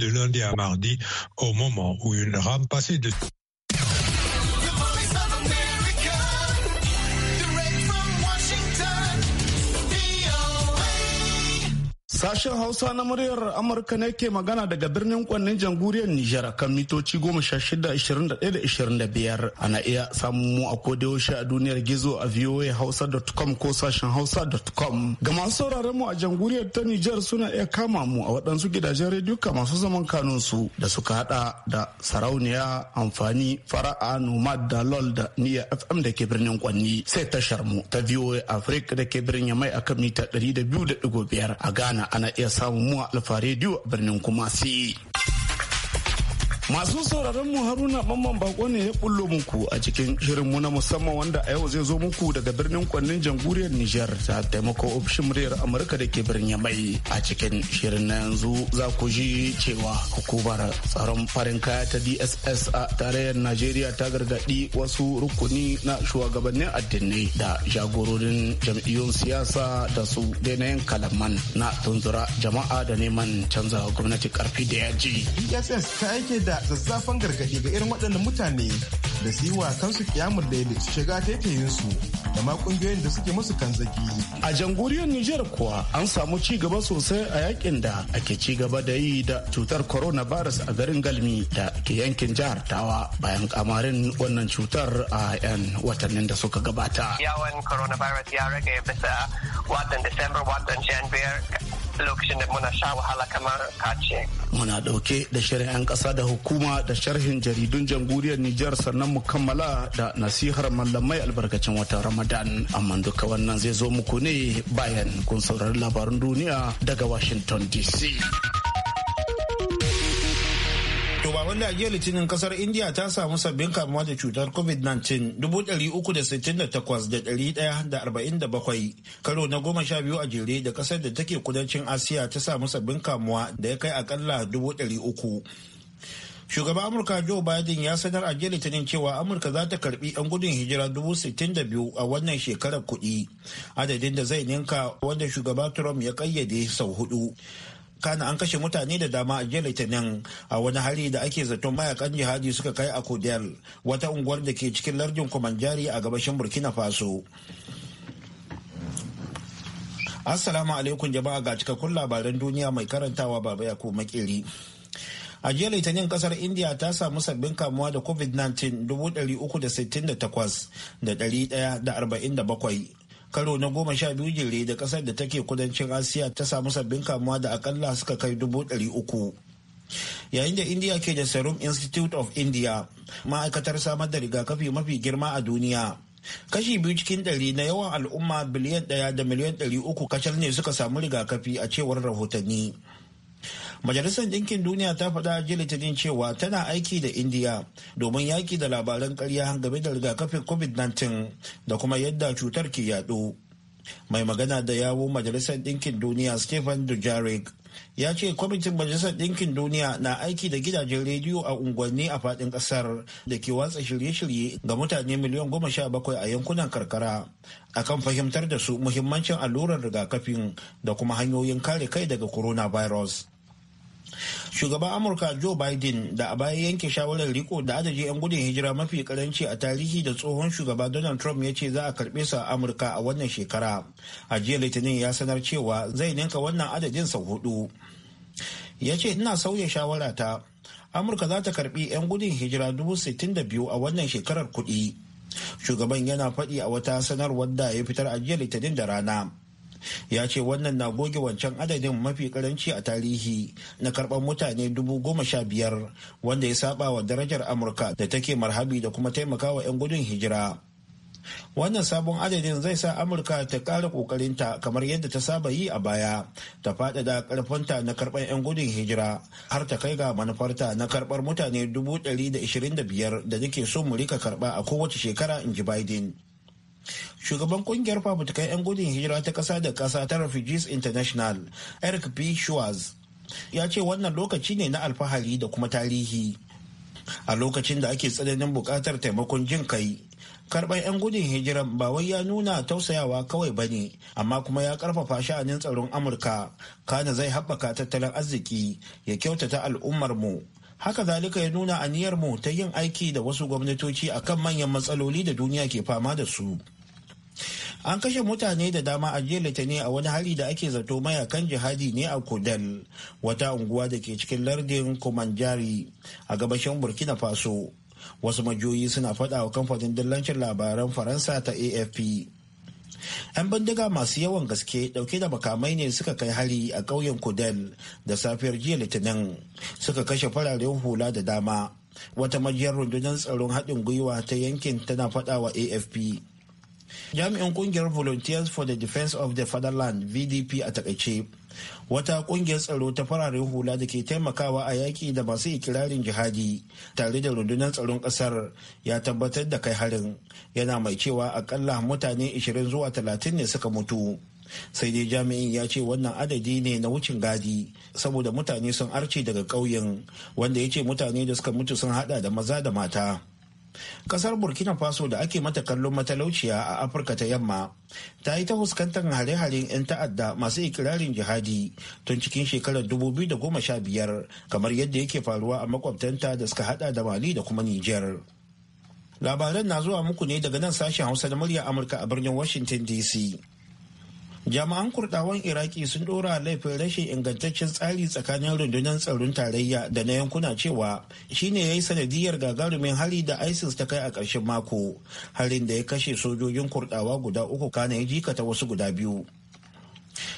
de lundi à mardi au moment où une rame passait de... Sashen Hausa na muryar Amurka ne ke magana daga birnin kwannin jamhuriyar Nijar kan mitoci 16 25 Ana iya samun mu a kodayaushe a duniyar gizo a voahausa.com ko sashen hausa.com. Ga masu sauraron mu a jamhuriyar ta Nijar suna iya kama mu a waɗansu gidajen rediyoka masu zaman kanunsu da suka haɗa da sarauniya amfani fara'a nomad da lol da niya fm da ke birnin kwanni sai tashar mu ta voa africa da ke birnin mai akan mita 200.5 a ghana ana iya samun mu a alfa rediyo a birnin kumasi. Masu sauraron mu Haruna Mamman Bako ne ya bullo muku a cikin shirinmu na musamman wanda a yau zai zo muku daga birnin kwannin jamhuriyar Nijar ta taimako ofishin muryar Amurka da ke birnin Yamai. A cikin shirin na yanzu za ku ji cewa hukumar tsaron farin kaya ta DSS a tarayyar Najeriya ta gargaɗi wasu rukuni na shugabannin addinai da jagororin jam'iyyun siyasa da su daina yin kalaman na tunzura jama'a da neman canza gwamnati karfi da yaji. DSS ta yake da da zazzafan gargaɗi ga irin waɗannan mutane da su yi wa kansu kiyamun laili su shiga taitayinsu da ma kungiyoyin da suke musu zagi. A jamhuriyar Nijar kuwa an samu ci gaba sosai a yakin da ake ci gaba da yi da cutar corona virus a garin Galmi da ke yankin jihar Tawa bayan kamarin wannan cutar a 'yan watannin da suka gabata. Yawan coronavirus ya rage bisa watan December watan January lokacin da muna sha wahala kamar kace. Muna dauke da shari'an kasa da hukuma da sharhin jaridun jamhuriyar Nijar sannan mu kammala da nasihar mallamai albarkacin watan Ramadan. Amma duka wannan zai zo muku ne bayan kun saurari labarin duniya daga Washington DC. wanda a jiya litinin kasar india ta samu sabbin kamuwa da cutar covid-19 368,147 karo na goma sha biyu a jere da kasar da take kudancin asiya ta samu sabbin kamuwa da ya kai akalla 300 shugaban amurka joe biden ya sanar a jiya litinin cewa amurka za ta karbi 'yan gudun hijira biyu a wannan shekarar kudi adadin da zai ninka wanda shugaba trump ya kayyade sau hudu kana an kashe mutane da dama a jiya litinin a wani hari da ake zaton mayakan jihadi suka kai a kodiyar wata unguwar da ke cikin lardin kumanjari a gabashin burkina faso assalamu alaikum jama'a ga cikakkun labaran duniya mai karantawa baba ya makeri a jiya litinin kasar india ta samu sabbin kamuwa da covid-19 368 da 147 karo na goma sha biyu jere da kasar da take kudancin asiya ta samu sabbin kamuwa da akalla suka kai dubu ɗari uku yayin da india ke da serum institute of india ma'aikatar samar da rigakafi mafi girma a duniya kashi biyu cikin ɗari na yawan al'umma biliyan ɗaya da miliyan ɗari uku kacal ne suka samu rigakafi a cewar rahotanni majalisar ɗinkin duniya ta faɗa jiya litinin cewa tana aiki da indiya domin yaƙi da labaran ƙarya game da rigakafin covid-19 da kuma yadda cutar ke yaɗo mai magana da yawo majalisar ɗinkin duniya stephen dujarric ya ce kwamitin majalisar ɗinkin duniya na aiki da gidajen rediyo a unguwanni a faɗin ƙasar da ke watsa shirye-shirye ga mutane miliyan goma sha bakwai a yankunan karkara akan fahimtar da su muhimmancin allurar rigakafin da kuma hanyoyin kare kai daga coronavirus shugaban amurka joe biden da a bayan yanke shawarar riko da adadin 'yan gudun hijira mafi karanci a tarihi da tsohon shugaba donald trump ya ce za a karbe su a amurka a wannan shekara a jiya litinin ya sanar cewa zai ninka wannan adadin sau hudu ya ce ina sauya shawara ta amurka za ta karbi 'yan gudun hijira dubu sittin da biyu a wannan shekarar kuɗi shugaban yana faɗi a wata sanarwar da ya fitar a jiya litinin da rana ya ce wannan na goge wancan adadin mafi karanci a tarihi na karɓar mutane dubu goma sha biyar wanda ya saba wa darajar amurka da take marhabi da kuma taimakawa 'yan gudun hijira wannan sabon adadin zai sa amurka ta ƙara ƙoƙarinta kamar yadda ta saba yi a baya ta faɗaɗa ƙarfinta na karɓar 'yan gudun hijira har ta kai ga manufarta na karɓar mutane 125 da nake so mu rika karɓa a kowace shekara in ji biden shugaban kungiyar fafutukan 'yan gudun hijira ta kasa da kasa ta refugees international eric b. schwartz ya ce wannan lokaci ne na alfahari da kuma tarihi a lokacin da ake tsananin buƙatar taimakon jin kai karɓar 'yan gudun hijiran ba wai ya nuna tausayawa kawai ba ne amma kuma ya ƙarfafa sha'anin tsaron amurka kana zai haɓaka tattalin arziki ya kyautata al'ummarmu haka zalika ya nuna aniyarmu ta yin aiki da wasu gwamnatoci akan manyan matsaloli da duniya ke fama da su an kashe mutane da dama a jiya litinin a wani hari da ake zato mayakan jihadi ne a kudal wata unguwa da ke cikin lardin kumanjari a gabashin burkina faso wasu majoyi suna faɗa wa kamfanin dillancin labaran faransa ta afp 'Yan bindiga masu yawan gaske dauke da makamai ne suka kai hari a ƙauyen kudel da safiyar jiya Litinin suka kashe fararen hula da dama. Wata majiyar rundunar tsaron haɗin gwiwa ta yankin tana faɗawa AFP. jami'in kungiyar volunteers for the defense of the fatherland vdp a takaice wata kungiyar tsaro ta fararen hula da ke taimakawa a yaki da masu ikirarin jihadi tare da rundunar tsaron kasar ya tabbatar da kai harin yana mai cewa akalla mutane 20 zuwa 30 ne suka mutu sai dai jami'in ya ce wannan adadi ne na wucin gadi saboda mutane sun arce daga ƙauyen wanda ya ce mutane da suka mutu sun hada da maza da mata kasar burkina faso da ake mata kallon matalauciya a afirka ta yamma ta yi ta fuskantar hare-haren 'yan ta'adda masu ikirarin jihadi tun cikin shekarar 2015 kamar yadda yake faruwa a makwabtanta da suka hada da mali da kuma niger labaran na zuwa muku ne daga nan sashen hausa da murya amurka a birnin washington dc Jama'an kurdawan iraki sun dora laifin rashin ingantaccen tsari tsakanin rundunar tsaron tarayya da na yankuna cewa shine ya yi sanadiyar gagarumin hari da isis ta kai a ƙarshen mako harin da ya kashe sojojin kurdawa guda uku kana ya jikata wasu guda biyu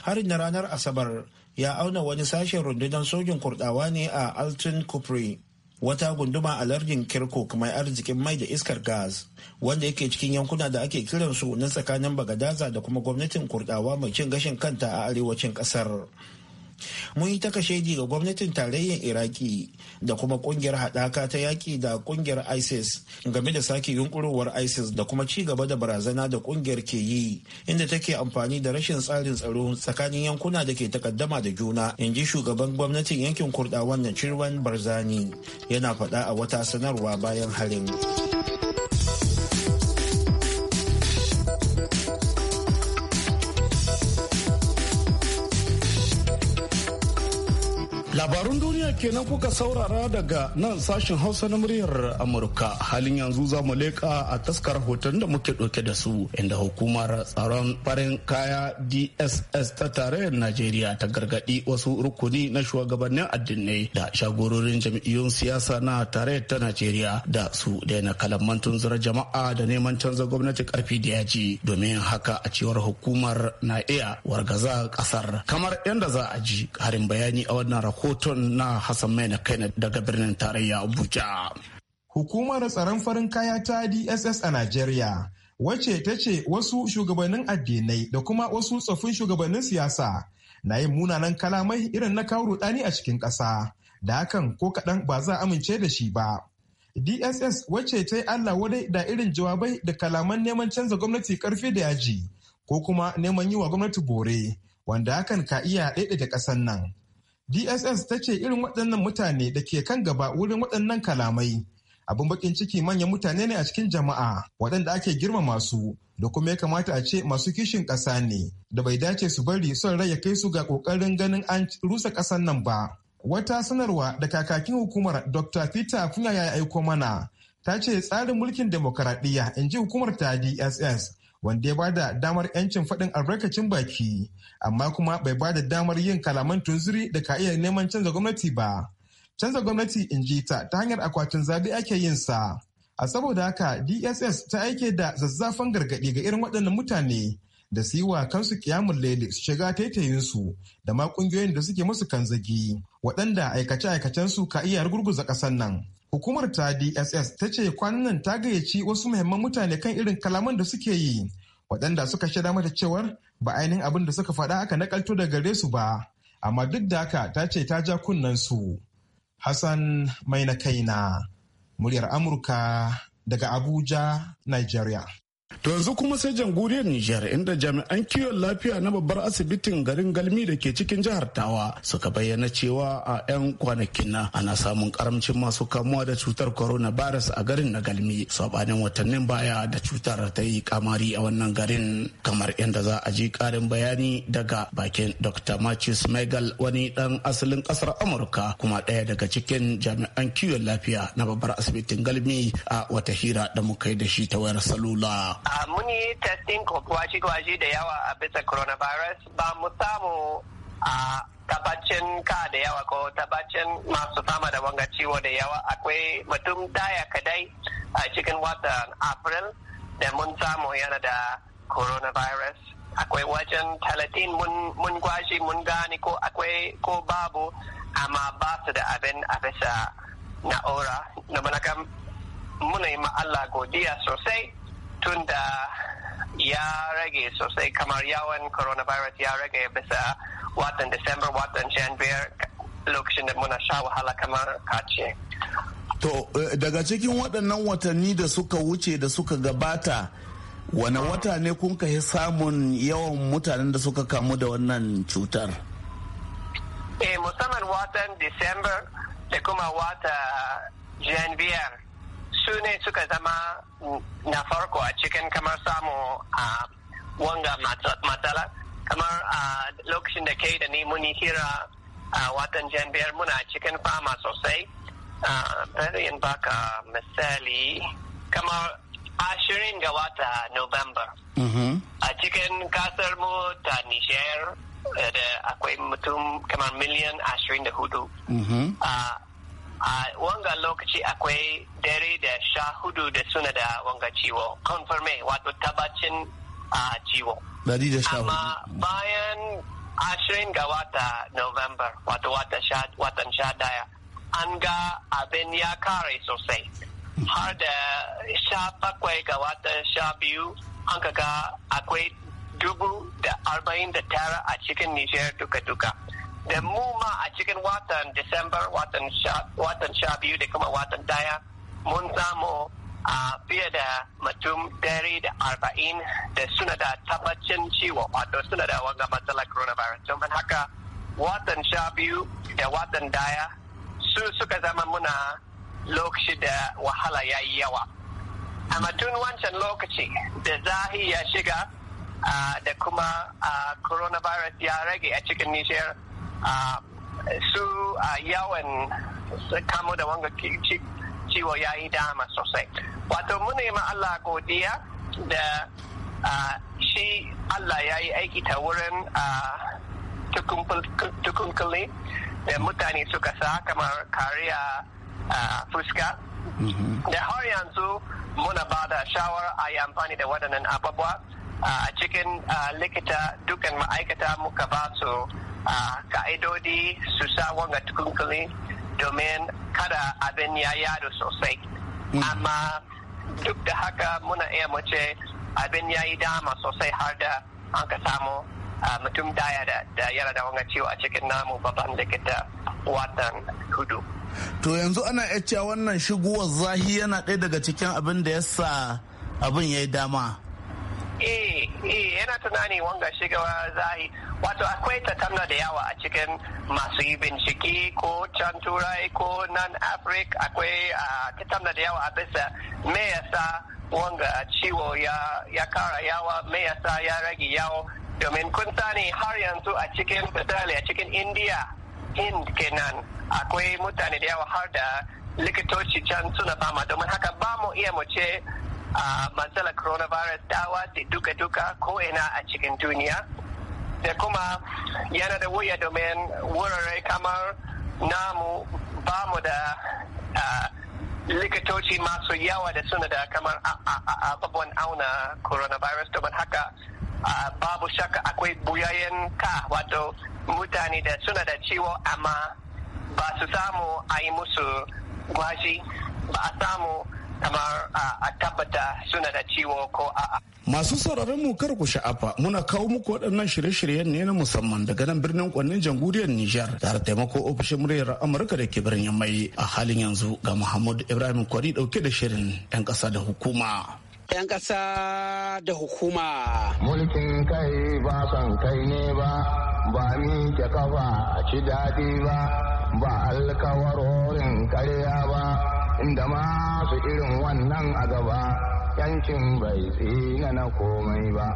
harin na ranar asabar ya auna wani sashen rundunar sojin kurdawa ne a altin kupri wata gunduma a lardin kirkuk mai arzikin mai da iskar gas wanda yake cikin yankuna da ake kiransu na tsakanin bagadaza da kuma gwamnatin kurdawa mai cin gashin kanta a arewacin kasar mun yi ta kashedi ga gwamnatin tarayyar iraki da kuma kungiyar haɗaka ta yaƙi da kungiyar isis game da sake yunkurowar isis da kuma ci gaba da barazana da kungiyar ke yi inda take amfani da rashin tsarin tsaro tsakanin yankuna da ke takaddama da juna in ji shugaban gwamnatin yankin kurdawan na cirwan barzani yana faɗa a wata sanarwa bayan harin. Labarun duniya kenan kuka saurara daga nan sashen Hausa na muryar Amurka. Halin yanzu za mu leƙa a taskar hoton da muke ɗauke da su inda hukumar tsaron farin kaya DSS ta tarayyar Najeriya ta gargaɗi wasu rukuni na shugabannin addinai da shagororin jam'iyyun siyasa na tarayyar ta Najeriya da su daina kalamman tunzura jama'a da neman canza gwamnati karfi da yaji domin haka a cewar hukumar na iya wargaza ƙasar kamar yadda za a ji harin bayani a wannan rahoton rahoton na Hassan Maina Kaina daga birnin tarayya Abuja. Hukumar tsaron farin kaya ta DSS a Najeriya wacce ta ce wasu shugabannin addinai da kuma wasu tsoffin shugabannin siyasa na yin munanan kalamai irin na kawo rudani a cikin ƙasa da hakan ko kaɗan ba za a amince da shi ba. DSS wacce ta yi Allah wadai da irin jawabai da kalaman neman canza gwamnati ƙarfi da yaji ko kuma neman yi wa gwamnati bore wanda hakan ka iya da ƙasan nan. dss ta ce irin waɗannan mutane da ke kan gaba wurin waɗannan kalamai abin bakin ciki manyan mutane ne a cikin jama'a waɗanda ake girmama su da kuma ya kamata a ce masu kishin ƙasa ne da bai dace su bari son rai ya kai su ga ƙoƙarin ganin an rusa ƙasan nan ba wata sanarwa da kakakin hukumar dr peter kunya ya aiko mana ta ce tsarin mulkin demokaradiyya in ji hukumar ta dss wanda ya bada damar 'yancin faɗin albarkacin baki amma kuma bai bada damar yin kalaman tunzuri da ka iya neman canza gwamnati ba canza gwamnati in ji ta ta hanyar akwatin zabe ake yin sa a saboda haka dss ta aike da zazzafan gargaɗi ga irin waɗannan mutane da su yi wa kansu kiyamun lele su shiga su da ma ƙungiyoyin da suke musu zagi waɗanda aikace aikacen su ka iya rugurguza ƙasar nan Hukumar ta DSS ta ce kwanan ta gayyaci wasu muhimman mutane kan irin kalaman da suke yi, waɗanda suka shaida mata cewar ba ainihin abin da suka faɗa aka nakalto daga gare su ba, amma duk da haka ta ce ta ja kunnen su. Hassan mai na kaina, muryar Amurka daga Abuja, Nigeria. To yanzu kuma sai jamhuriyar Nijar inda jami'an kiwon lafiya na babbar asibitin garin Galmi da ke cikin jihar Tawa suka bayyana cewa a 'yan kwanakin na ana samun karamcin masu kamuwa da cutar corona coronavirus a garin na Galmi sabanin watannin baya da cutar ta yi kamari a wannan garin kamar inda za a ji karin bayani daga bakin Dr. Marcus Megal wani dan asalin ƙasar Amurka kuma ɗaya daga cikin jami'an kiwon lafiya na babbar asibitin Galmi a wata hira da muka yi da shi ta wayar salula. a ah, mun yi testing kwashi-kwashi da yawa a bisa coronavirus ba mu samu a ah, tabbacin ka da yawa ko tabbacin masu fama da wanga ciwo da yawa akwai mutum daya kadai a cikin watan april da mun samu yana da coronavirus akwai wajen talatin mun kwashi mun gani ko akwai ko babu amma ba su da abin a bisa na'ura na muna yi ma Allah godiya sosai mutum da ya rage sosai kamar yawan coronavirus ya rage bisa watan December watan Janvier lokacin da muna sha wahala kamar kace. To eh, daga cikin waɗannan watanni da suka wuce da suka gabata wane wata ne kun kai samun yawan mutanen da suka kamu da wannan cutar? Eh musamman watan December da kuma wata Janvier su ne suka zama na farko a cikin kamar samu a wanga matsala kamar a lokacin da kai da ni muni hira a watan jan biyar muna cikin fama sosai a yin baka misali kamar ashirin ga wata november mm-hmm. a cikin kasar mu ta nijer eh, da akwai mutum kamar miliyan ashirin da hudu mm-hmm. a wanga lokaci akwai dare da sha hudu da suna da wanga ciwo confirme wato tabacin a ciwo amma bayan ashirin ga wata november wato watan sha daya an ga abin ya kare sosai har da sha bakwai ga watan sha biyu an ga akwai dubu da arba'in da tara a cikin nijar duka-duka da mu ma a cikin watan December watan sha biyu da kuma watan daya mun zamo a fiye da mutum dari da arba'in da suna da tabbacin ciwo wato suna da wanga matsalar coronavirus don haka watan sha biyu da watan daya su suka zama muna lokaci da wahala ya yi yawa amma tun wancan lokaci da zahi ya shiga da kuma coronavirus ya rage a cikin nishiyar Ah, su ah, yawan kamu da wanga ciwo ya yi dama sosai wato muna ma Allah godiya da ah, shi Allah ya yi aiki ta wurin tukunkuli da mutane suka sa kamar kariya fuska mm-hmm. da har yanzu muna ba da shawar a yi amfani da waɗannan abubuwa a cikin likita dukkan ma'aikata muka ba su a ka'idodi su sa wanga tukunkuli domin kada abin ya yadu sosai hmm. amma duk da haka muna iya mace abin ya yi dama sosai har da an ka samu mutum daya da yara da wanga ciwo a cikin namu babban likita watan hudu to yanzu ana iya cewa wannan shigowar zahi yana ɗaya daga cikin abin da ya sa abin ya yi dama eh eh yana tunani wanga shigawa za wato akwai takamna da yawa a cikin masu yi bincike ko can turai ko nan afrik akwai takamna da yawa a bisa me yasa wanga ciwo ya kara yawa me yasa ya rage yawo domin kun sani har yanzu a cikin misali a cikin India, hind kenan akwai mutane da yawa har da likitoci can suna fama domin haka ba mu iya mu ce matsalar coronavirus ta watsi duka-duka ina a cikin duniya da kuma yana da wuya domin wurare kamar namu ba mu da likitoci masu yawa da suna da kamar ababen auna coronavirus domin haka babu shaka akwai buyayen ka wato mutane da suna da ciwo amma ba su samu a yi musu gwaji ba a samu kamar a tabbata suna da ciwo ko a'a. Masu sauraron mu kar ku sha'afa muna kawo muku waɗannan shirye-shiryen ne na musamman daga nan birnin kwannin jamhuriyar Nijar tare taimako ofishin muryar Amurka da ke birnin Mai a halin yanzu ga Muhammad Ibrahim Kwari ɗauke da shirin 'yan ƙasa da hukuma. 'Yan ƙasa da hukuma. Mulkin kai ba san kai ne ba, ba ni ke kafa a ci daɗi ba, ba alkawarorin karya ba. inda masu irin wannan a gaba yancin bai tsina na komai ba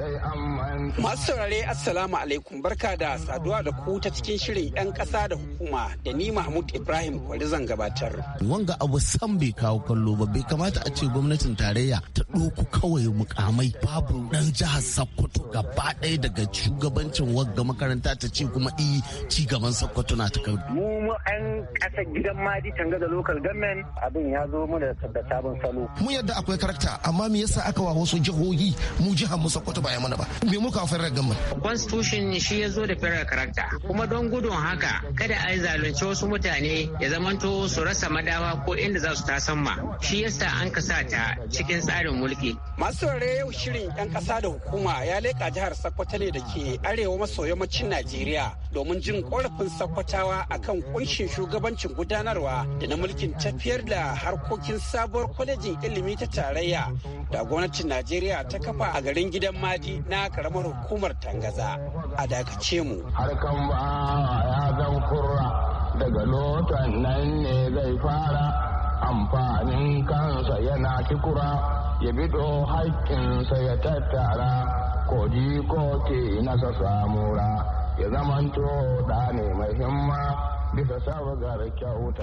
sai an masu saurare assalamu alaikum barka da saduwa da ku ta cikin shirin 'yan ƙasa da hukuma da ni mahmud ibrahim kwari zan gabatar wanga abu san bai kawo kallo ba bai kamata a ce gwamnatin tarayya ɗoku kawai mukamai babu ɗan jihar Sokoto gaba ɗaya daga shugabancin wagga makaranta ta ce kuma ɗi eh, ci gaban Sokoto na ta kai. Mu an ƙasar gidan Madi tanga da local government abin ya zo mu da sabon salo. Mu yadda akwai karakta amma me yasa aka wa wasu jihohi mu jihar mu Sokoto ba ya mana ba. Me muka fara government? Constitution shi ya zo da fara karakta kuma don gudun haka kada a yi zalunci wasu mutane ya zamanto su rasa madawa ko inda za su tasamma. Shi yasa an kasa ta cikin tsarin mulki. Masu yau shirin 'yan kasa da hukuma ya leƙa jihar Sokoto ne da ke arewa maso yammacin Najeriya domin jin ƙorafin Sokotawa akan kunshin shugabancin gudanarwa da na mulkin tafiyar da harkokin sabuwar kwalejin ilimi ta tarayya da gwamnatin Najeriya ta kafa a garin gidan Madi na karamar hukumar Tangaza. A dakace mu. Harkan ba ya zan kurra daga lotan nan ne zai fara amfanin kansa yana kikura. ya bido haƙƙinsa ya tattara ji ko ke nasa samura ya zamanto da ne mai himma bisa sa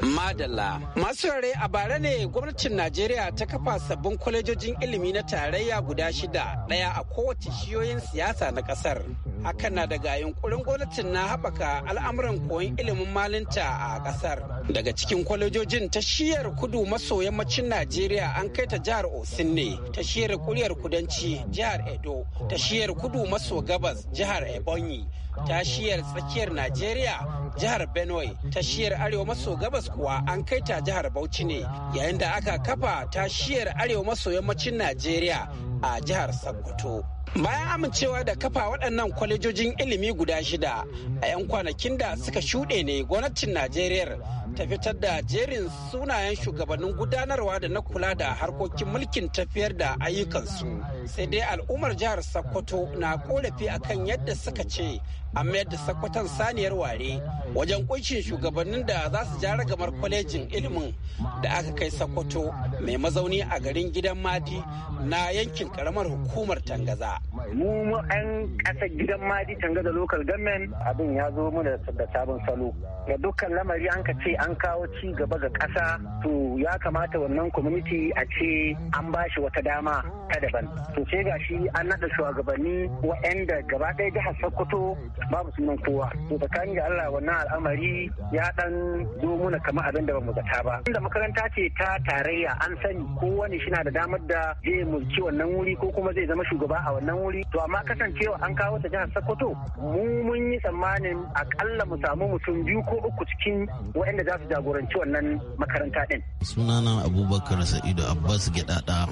Madalla. Masu rare a bara ne gwamnatin Najeriya ta kafa sabbin kwalejojin ilimi na tarayya guda shida ɗaya a kowace shiyoyin siyasa na ƙasar. Hakan na daga yunkurin gwamnatin na haɓaka al'amuran koyon ilimin malinta a ƙasar. Daga cikin kwalejojin ta shiyar kudu maso yammacin Najeriya an kai ta jihar Osun ne, ta shiyar kuryar kudanci jihar Edo, ta shiyar kudu maso gabas jihar Ebonyi, ta shiyar tsakiyar Najeriya jihar Benue, ta shiyar arewa maso gabas kuwa an kai ta jihar Bauchi ne yayin da aka kafa tashiyar arewa maso yammacin Najeriya a jihar Sokoto. bayan amincewa da kafa waɗannan kwalejojin ilimi guda shida a 'yan kwanakin da suka shuɗe ne gwamnatin najeriya ta fitar da jerin sunayen shugabannin gudanarwa da na kula da harkokin mulkin tafiyar da ayyukansu sai dai al'ummar jihar Sakkwato na korafi akan yadda suka ce a mayar da sokoton saniyar ware wajen kunshin shugabannin da za su ja ragamar kwalejin ilimin da aka kai sokoto mai mazauni a garin gidan madi na yankin karamar hukumar tangaza mu mu an ƙasar gidan madi tanga da local government abin ya zo mu da sabon salo ga dukkan lamari an ka ce an kawo ci gaba ga ƙasa to ya kamata wannan community a ce an ba shi wata dama ta daban to ce ga shi an naɗa shugabanni waɗanda gaba ɗaya jihar sokoto babu sunan kowa to tsakanin da allah wannan al'amari ya ɗan zo mana kamar abin da bamu zata ba inda makaranta ce ta tarayya an sani kowane shi na da damar da zai mulki wannan wuri ko kuma zai zama shugaba a wannan wannan wuri to amma kasancewa an kawo ta jihar Sokoto mu mun yi tsammanin akalla mu samu mutum biyu ko uku cikin waɗanda za su jagoranci wannan makaranta din sunana Abubakar Sa'idu Abbas Gidada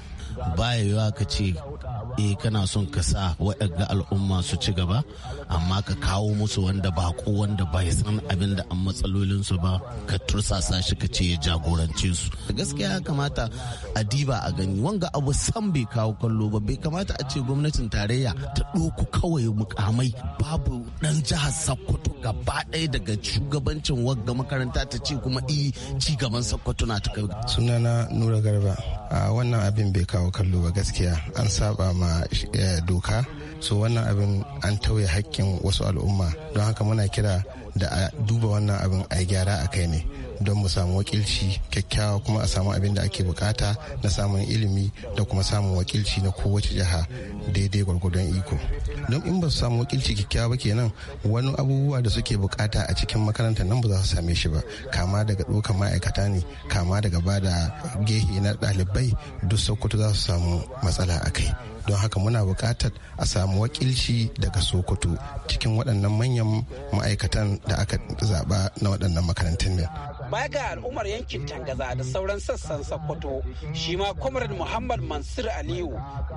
baya yiwa ka ce eh kana son ka sa waɗanda al'umma su ci gaba amma ka kawo musu wanda ba ko wanda ba san abin da an matsalolin su ba ka tursasa shi ka ce ya jagorance su gaskiya ya kamata a diba a gani wanga abu san bai kawo kallo ba bai kamata a ce gwamnatin gwamnatin tarayya ta ɗoku kawai mukamai babu ɗan jihar Sokoto gaba ɗaya daga shugabancin wagga makaranta ta ce kuma i ci gaban Sokoto na ta kai. Sunana Nura Garba a wannan abin bai kawo kallo ba gaskiya an saba ma eh, doka so wannan abin an tauye hakkin wasu al'umma don haka muna kira da a duba wannan abin a gyara a kai ne don mu samu wakilci kyakkyawa kuma a samu abin da ake bukata na samun ilimi da kuma samun wakilci na kowace jiha daidai gwargwadon iko don in ba su samu wakilci kyakkyawa ba kenan wani abubuwa da suke bukata a cikin makaranta nan ba za su same shi ba kama daga doka ma'aikata ne kama daga ba da gehe na ɗalibai duk sokoto za su samu matsala a kai don haka muna bukatar a samu wakilci daga sokoto cikin waɗannan manyan ma'aikatan da aka zaba na waɗannan makarantun nan baya ga al'ummar yankin tangaza da sauran sassan sokoto shi ma kwamarin muhammad mansur aliyu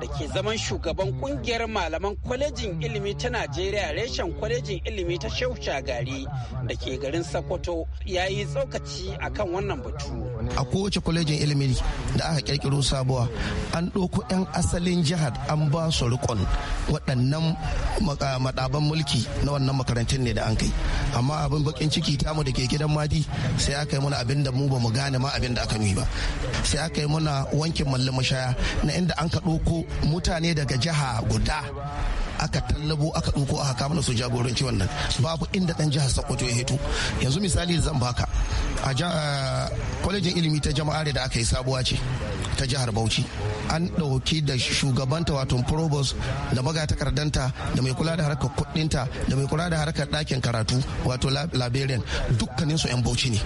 da ke zaman shugaban kungiyar malaman kwalejin ilimi ta najeriya reshen kwalejin ilimi ta shehu shagari da ke garin sokoto ya yi tsokaci akan wannan batu a kowace kwalejin ilimi da aka kirkiro sabuwa an ɗauko 'yan asalin jihar an ba su rikon waɗannan maɗaban mulki na wannan makarantun ne da an kai amma abin bakin ciki ta tamu da ke gidan madi sai aka yi muna abin da mu ba mu gane ma abin da aka yi ba sai aka yi mana wankin mallin mashaya na inda an ka ɗauko mutane daga jiha guda aka tallabo aka ɗauko aka kama su jagoranci wannan babu inda ɗan jihar sokoto ya hito yanzu misali zan baka a eh, kwalejin ilimi ta jama'are da aka yi sabuwa ce ta jihar bauchi an ɗauki da shugabanta wato probos da magatakardanta da mai kula da harkar kuɗinta da mai kula da harkar ɗakin karatu wato laberian dukkaninsu 'yan bauchi ne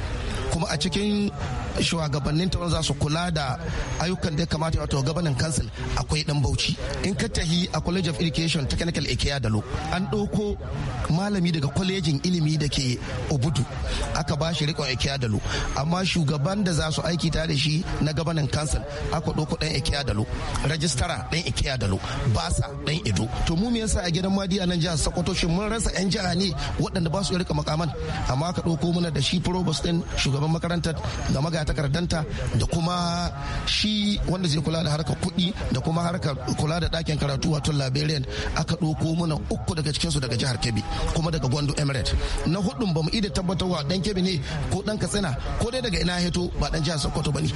kuma a cikin shugabannin ta za su kula da ayyukan da ya kamata wato gabanin council akwai dan bauchi in ka tahi a college of education technical da dalo an ɗauko malami daga kwalejin ilimi da ke obudu aka ba shi rikon da dalo amma shugaban da za su aiki ta da shi na gabanin council aka ɗauko dan ikea dalo rajistara dan ikea dalo basa dan ido to mu me yasa a gidan madi a nan jihar sokoto shin mun rasa yan jiha ne waɗanda ba su rika makaman amma ka ɗauko mana da shi probos din shugaban shugaban makarantar da takardanta da kuma shi wanda zai kula da harkar kuɗi da kuma harkar kula da ɗakin karatu wato liberian aka ɗauko mana uku daga cikinsu daga jihar kebbi kuma daga gwandu emirate na hudun bamu ida tabbatarwa dan kebbi ne ko dan katsina ko dai daga ina heto ba dan jihar sokoto ba ne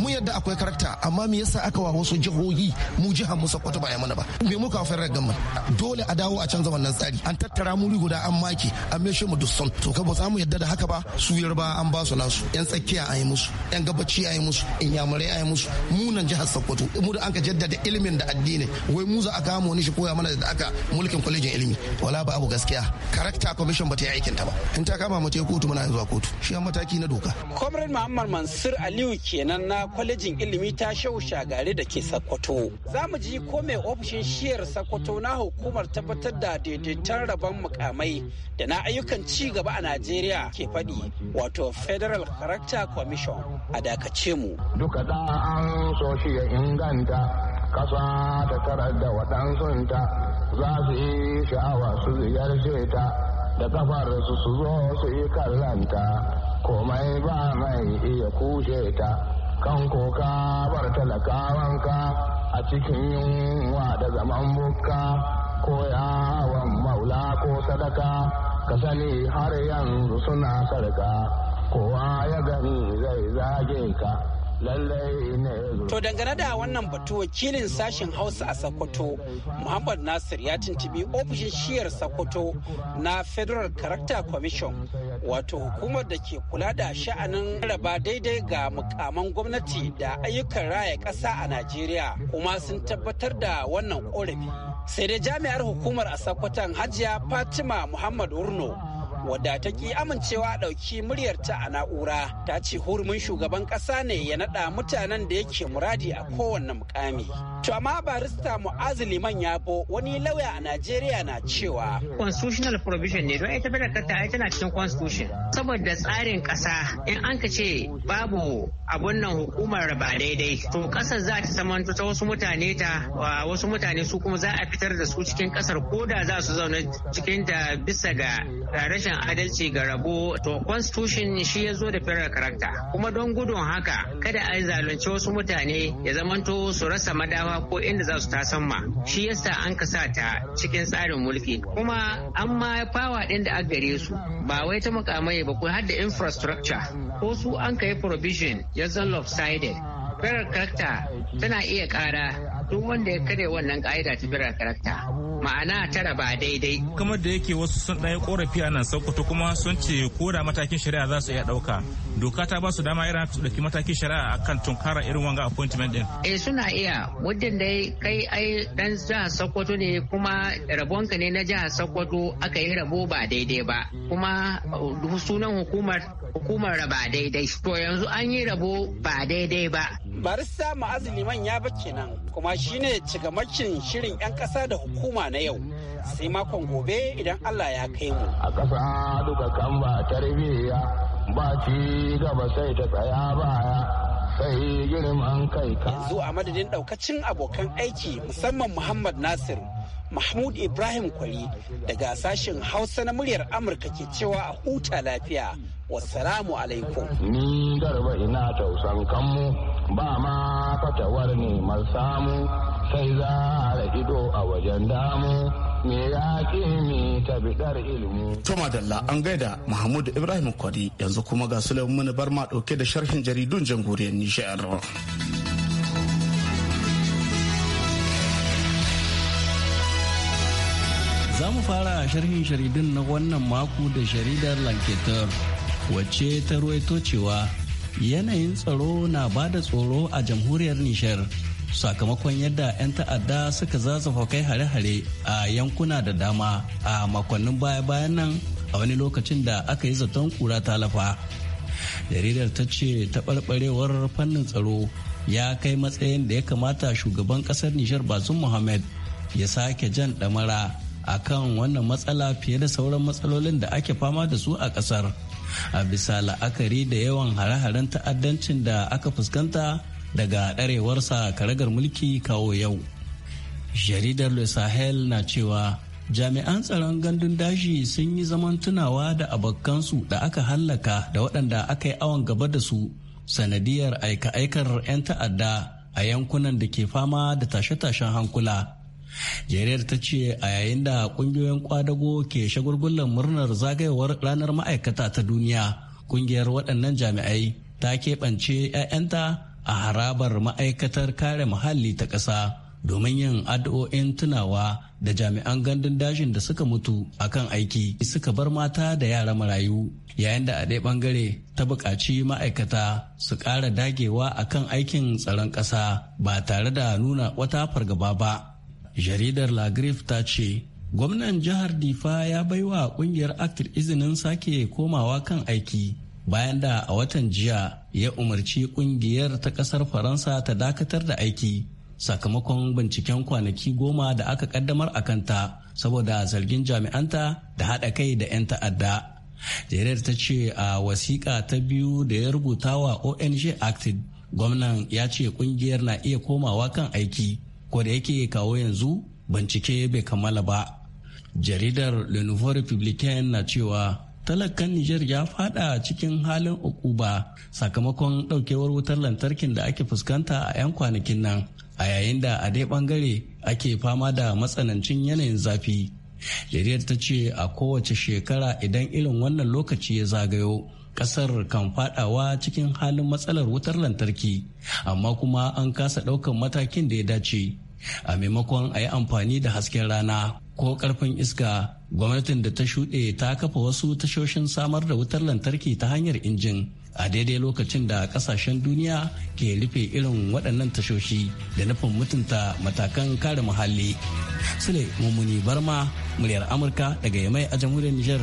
mu yadda akwai karakta amma me yasa aka wa wasu jihohi mu jihar mu sokoto ba ya mana ba me muka fara gamma dole a dawo a canza wannan tsari an tattara muri guda an maki an shi mu dusson to ka ba za mu yadda da haka ba su yarba an ba su nasu musu yan tsakiya a yi musu yan gabaci a yi musu inyamurai a yi musu munan jihar sokoto mu da anka jaddada ilimin da addini wai mu za a kama wani shi koya mana da aka mulkin kwalejin ilimi wala ba abu gaskiya karakta commission ba ta yi aikin ta ba in ta kama mace kotu muna zuwa kotu shi an mataki na doka comrade muhammad mansur aliyu kenan na kwalejin ilimi ta shau shagare da ke sokoto za mu ji ko mai ofishin shiyar sokoto na hukumar tabbatar da daidaitar rabon mukamai da na ayyukan ci gaba a najeriya ke faɗi wato federal National Character Commission a dakace mu. Duka da an so shi ya inganta kasa ta tarar da waɗansunta za su yi sha'awa su ziyarce ta da kafar su su zo su yi kallanta komai ba mai iya kushe ta kan koka bar talakawanka a cikin yunwa da zaman bukka. ko yawon maula ko sadaka ka sani har yanzu suna sarka kowa ya gani zai zage ka To dangane da wannan batu wakilin sashen Hausa a Sokoto, Muhammad Nasir ya tuntubi ofishin shiyar Sokoto na Federal Character Commission, wato hukumar da ke kula da sha'anin raba daidai ga mukaman gwamnati da ayyukan raya ƙasa a Najeriya, kuma sun tabbatar da wannan ƙorafi. Sai dai jami'ar hukumar a Sokoton Hajiya Fatima Muhammad Urno. wadda ta ki amincewa a ɗauki muryarta a na'ura ta ce hurumin shugaban ƙasa ne ya naɗa mutanen da yake muradi a kowanne mukami. To amma barista Mu'azu Liman bo wani lauya a Najeriya na cewa. Constitutional provision ne don ita da kanta ai tana cikin constitution. Saboda tsarin ƙasa in an ka ce babu abun nan hukumar ba daidai to ƙasar za ta zamanto ta wasu mutane ta wasu mutane su kuma za a fitar da su cikin ƙasar ko da za su zauna cikin ta bisa ga rashin rashin adalci ga rabo to constitution shi ya zo da federal character kuma don gudun haka kada a yi zalunci wasu mutane ya zamanto su rasa madawa ko inda za su tasan ma shi yasa an kasa ta cikin tsarin mulki kuma an ma fawa din da aka gare su ba wai ta mukamai ba ko har da infrastructure ko su an kai provision ya zan lopsided federal character tana iya kara duk wanda ya kare wannan ka'ida ta firar karakta ma'ana tara ba daidai kamar da yake wasu sun ɗaya korafi a nan sokoto kuma sun ce ko da matakin shari'a za su iya ɗauka doka ta ba su dama irin su dauki matakin shari'a akan tunkara irin wanga appointment din eh suna iya muddin dai kai ai dan jihar Sokoto ne kuma rabonka ne na jihar Sokoto aka yi rabo ba daidai ba kuma uh, sunan hukumar hukumar ba daidai to yanzu an yi rabo ba daidai ba barista sa liman ya ba kenan. kuma shine cigamakin shirin 'yan kasa da hukuma na yau sai makon gobe idan allah ya kai mu a ƙasa duka kan ba tarbiyya ba ci gaba sai ta tsaya baya sai girman kai ka. Yanzu a madadin daukacin abokan aiki musamman Muhammad Nasir, Mahmud Ibrahim Kwari daga sashen Hausa na muryar Amurka ke cewa a huta lafiya. Wassalamu alaikum. Ni garba ina tausan kanmu ba ma fatawar ne samu. sai za a ido a wajen damu me ya ni ta bidar ilimi. Toma Dalla an gaida Mahmud Ibrahim Kwari yanzu kuma ga Suleiman Barma dauke da sharhin jaridun jamhuriyar Nijar. Za mu fara sharhin jaridun na wannan mako da jaridar Lanketar wacce ta ruwaito cewa yanayin tsaro na bada tsoro a jamhuriyar Nijar. sakamakon yadda 'yan ta'adda suka zazafa kai hare-hare a yankuna da dama a makonnin baya-bayan nan a wani lokacin da aka yi zaton kura talafa. jaridar ta ce taɓarɓarewar fannin tsaro ya kai matsayin da ya kamata shugaban ƙasar nijar bazum muhammad ya sake jan ɗamara a kan wannan matsala fiye da sauran matsalolin da ake fama da su a ƙasar a bisa la'akari da yawan hare-haren ta'addancin da aka fuskanta daga ɗarewarsa karagar mulki kawo yau jaridar le sahel na cewa jami'an tsaron gandun daji sun yi zaman tunawa da abokansu da aka hallaka da waɗanda aka yi awon gaba da su sanadiyar aika-aikar 'yan ta'adda a yankunan da ke fama da tashe-tashen hankula Jaridar ta ce a yayin da ƙungiyoyin kwadago ke shagulgullar murnar zagayowar ranar ma'aikata ta duniya ƙungiyar waɗannan jami'ai ta keɓance 'ya'yanta a harabar ma'aikatar kare muhalli ta ƙasa domin yin addu'o'in tunawa da jami'an gandun dajin da suka mutu a kan aiki suka bar mata da yara marayu yayin da a ɗaya ɓangare ta buƙaci ma'aikata su ƙara dagewa a kan aikin tsaron ƙasa ba tare da nuna wata fargaba ba jaridar lagrif ta ce gwamnan jihar difa ya bai wa ƙungiyar aktir izinin sake komawa kan aiki bayan da a watan jiya ya umarci kungiyar ta kasar faransa ta dakatar da aiki sakamakon binciken kwanaki goma da aka kaddamar a kanta saboda zargin jami'anta da haɗa kai da 'yan ta'adda jaridar ta ce a wasiƙa ta biyu da ya rubuta wa ong acted gwamnan ya ce kungiyar na iya komawa kan aiki ko da yake kawo yanzu bincike bai kammala ba jaridar le nouveau na cewa talakan Nijar ya fada cikin halin ukuba sakamakon daukewar wutar lantarkin da ake fuskanta a 'yan kwanakin nan a yayin da a dai bangare ake fama da matsanancin yanayin zafi. Jariyar ta ce a kowace shekara idan irin wannan lokaci ya zagayo kasar kan fadawa cikin halin matsalar wutar lantarki amma kuma an kasa daukan matakin da ya dace a maimakon a yi amfani da hasken rana ko karfin iska gwamnatin da ta shuɗe ta kafa wasu tashoshin samar da wutar lantarki ta hanyar injin a daidai lokacin da kasashen duniya ke rufe irin waɗannan tashoshi da nufin mutunta matakan kare muhalli sule mummuni barma muryar amurka daga yamai a jamhuriyar nijar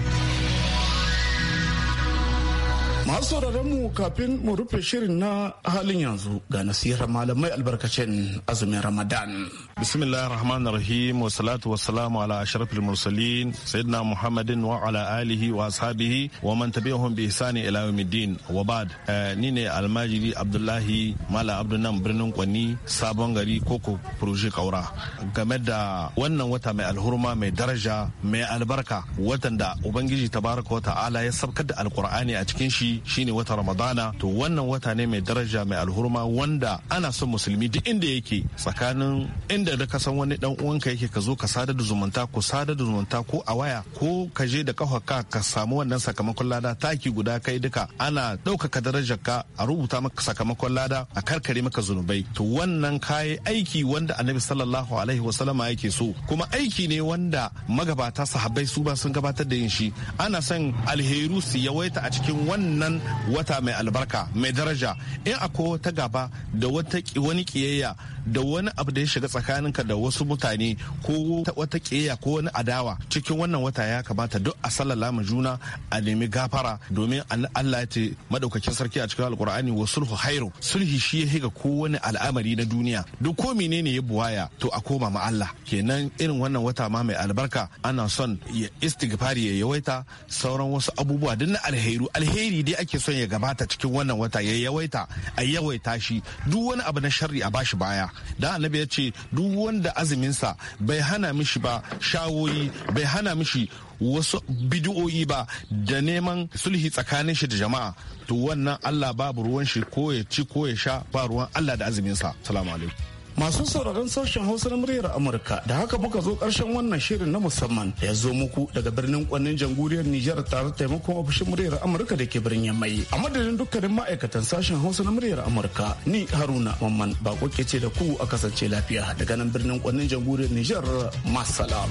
Masu mu kafin mu rufe shirin na halin yanzu ga nasihar malamai albarkacin azumin Ramadan. Bismillah rahman rahim wa salatu wa salamu ala ashrafil mursalin sayyidina Muhammadin wa ala alihi wa ashabihi wa man tabi'ahum bi ihsani ila yawmiddin wa ba'd. Eh, ni ne almajiri Abdullahi Mala Abdunan birnin Kwani sabon gari koko Proje Kaura. Game da wannan wata mai alhurma mai daraja mai albarka watan da Ubangiji tabaraka wa ta'ala ya sabkar da alkur'ani a cikin shi shine wata ramadana to wannan wata ne mai daraja mai alhurma wanda ana son musulmi duk inda yake tsakanin inda da kasan wani dan uwanka yake ka zo ka sada da zumunta ko sada da zumunta ko a waya ko ka je da kafa ka ka samu wannan sakamakon lada taki guda kai duka ana ɗaukaka darajar ka a rubuta maka sakamakon lada a karkare maka zunubai to wannan kayi aiki wanda annabi sallallahu alaihi wasallama yake so kuma aiki ne wanda magabata sahabbai su ba sun gabatar da yin shi ana son alheru su yawaita a cikin wannan wannan wata mai albarka mai daraja in akwai wata gaba da wani kiyayya da wani abu da ya shiga tsakaninka da wasu mutane ko wata kiyayya ko wani adawa cikin wannan wata ya kamata duk a sallala ma juna a nemi gafara domin Allah ya ce madaukakin sarki a cikin alkur'ani wa sulhu hairu sulhi shi ya higa ko wani al'amari na duniya duk ko menene ya buwaya to a koma ma Allah kenan irin wannan wata ma mai albarka ana son ya istighfari ya yawaita sauran wasu abubuwa duk na alheri alheri dai ake son ya gabata cikin wannan wata ya yawaita a yawaita shi duk wani abu na sharri a bashi baya dan annabi ya ce duk wanda azuminsa bai hana mishi ba shawoyi bai hana mishi wasu bidiyoyi ba da neman sulhi tsakanin shi da jama'a to wannan Allah babu ruwan shi ko ya ci ko ya sha ba ruwan Allah da azuminsa salamu alaikum masu sauraron sashen hausa na muryar amurka da haka muka zo karshen wannan shirin na musamman ya zo muku daga birnin kwannin jamhuriyar nijar tare taimakon ofishin muryar amurka da ke birnin mai a madadin dukkanin ma'aikatan sashen hausa na muryar amurka ni haruna mamman bako ke ce da ku a kasance lafiya daga nan birnin kwannin jamhuriyar nijar masalam.